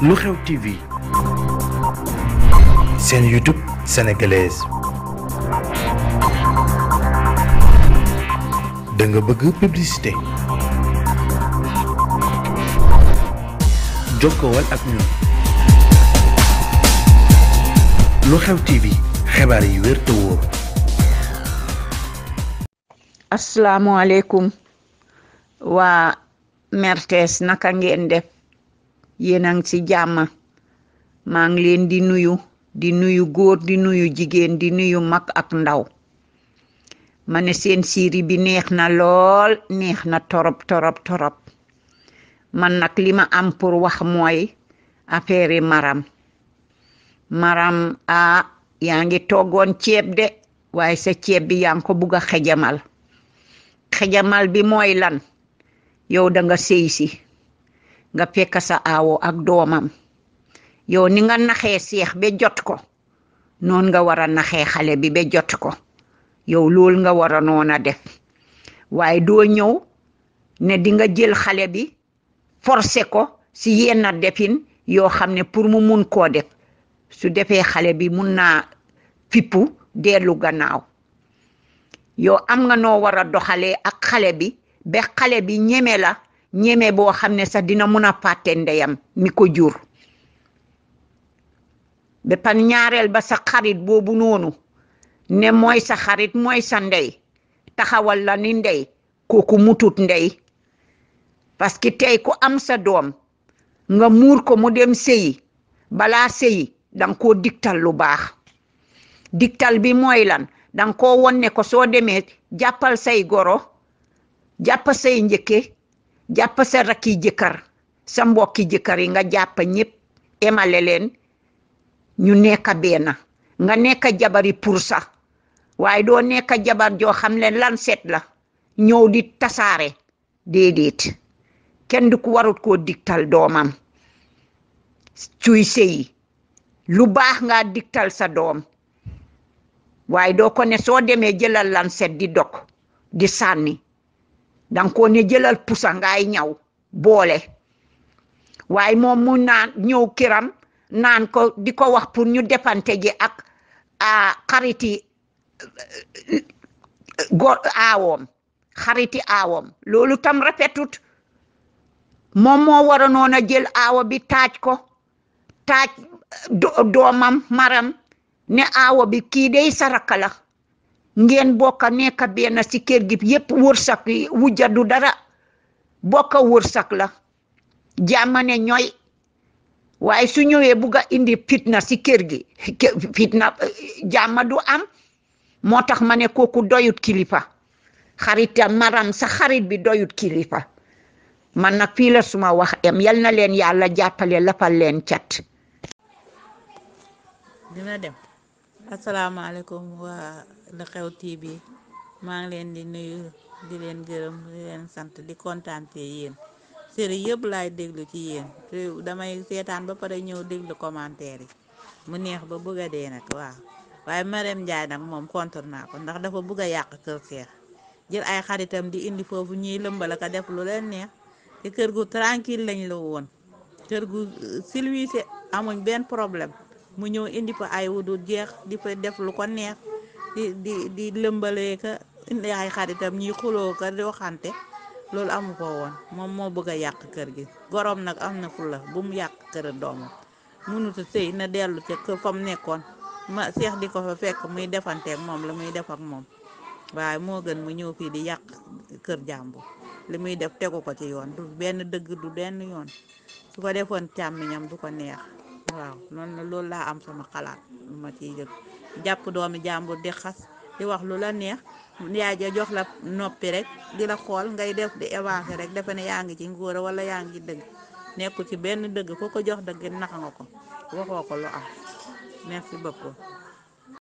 lu xew TV seen YouTube sénégalaise da nga bëgg publicité jokkool ak ñun lu xew TV xibaar yi wér te wóor. asalaamualeykum waa Mertes naka ngeen def. yéen a ngi ci jàmm maa ngi leen di nuyu di nuyu góor di nuyu jigéen di nuyu mag ak ndaw ma ne seen siiri bi neex na lool neex na torop torop torop man nag lima am pour wax mooy affaire maram maram a ah, yaa ngi toggoon ceeb de waaye sa ceeb bi yaa ngi ko bugg a xejamal xejamal bi mooy lan yow danga nga nga fekk sa aawoo ak doomam yow ni nga naxee seex ba jot ko noon nga war a naxee xale bi ba jot ko yow lool nga war a noon a def waaye doo ñëw ne di nga jël xale bi forcé ko si yenn defin yoo xam ne pour mu mun koo def su defee xale bi mun naa fippu dellu gannaaw yow am nga noo war a doxalee ak xale bi ba xale bi ñeme la ñeme boo xam ne sax dina mun a fàtte ndeyam mi ko jur ba pan ñaareel ba sa xarit boobu noonu ne mooy sa xarit mooy sa ndey taxawal la ni ndey kooku mutut ndey parce que tey ku am sa doom nga muur ko mu dem sëyi balaa sëyi danga ko digtal lu baax digtal bi mooy lan danga koo won ko soo demee jàppal say goro jàppal say njëkke jàpp sa rakki jëkkër sa mbokki jëkkër yi nga jàpp ñëpp emale leen ñu nekk benn nga nekk jabar yi pour sa waaye doo nekk jabar joo xam ne lan set la ñëw di tasaare déedéet kenn du ko warut koo dikkal doomam suy seyi lu baax nga dikkal sa doom waaye doo ko ne soo demee jëlal lanset di dog di sànni danga ko ne jëlal pusa ñaw boole waaye moom mu naan ñëw kiram naan ko di ko wax pour ñu dépante ji ak xariti go aawoom xariti aawoom loolu tam rafetut moom moo waroon a jël aawo bi taaj ko taaj doomam maram ne aawo bi kii dey saraka ngeen bokka nekk benn ci kër gi yépp wërsëg wujja du dara bokka wërsëg la jàmmane ñooy waaye su ñëwee bugga a indi fitna ci kër gi fitna jàmma du am moo tax ma ne kooku doyut kilifa xaritam maram sa xarit bi doyut kilifa man nag fii suma wax em yal na leen yàlla jàppale lapal leen cat dina dem asalaamaaleykum waa Lu Xew TV maa ngi leen di nuyu di leen gërëm di leen sant di kontaan te yéen séri yëpp laay déglu ci yéen damay seetaan ba pare ñëw déglu commentaire yi mu neex ba bëgg a dee nag waaw waaye Marème Ndiaye nag moom contre naa ko ndax dafa bugg a yàq kër Cheikh jël ay xaritam di indi foofu ñuy lëmbal ka def lu leen neex te kër gu tranquille lañ la woon kër gu euh, silwise amuñ benn problème mu ñëw indi fa ay wudu jeex di fa def lu ko neex di di di indi ay xaritam ñuy xuloo ka di loolu amu ko woon moom moo bëgg a yàq kër gi gorom nag am na fulla bu mu yàq kër doomam mënuta sëy na dellu ca kër fa nekkoon ma seex di ko fa fekk muy defanteeg moom la muy def ak moom waaye moo gën mu ñëw fii di yàq kër jàmbu li muy def tegu ko ci yoon du benn dëgg du denn yoon su ko defoon càmmiñam du ko neex waaw noonu la loolu laa am sama xalaat lu ma ciy jëg jàpp doomi jàmbur di xas di wax lu la neex yaay ja jox la noppi rek di la xool ngay def di avancer rek defe ne yaa ngi ci ngóor wala yaa ngi dëgg nekku ci benn dëgg ku ko jox dëgg nax nga ko waxoo ko lu am merci beaucoup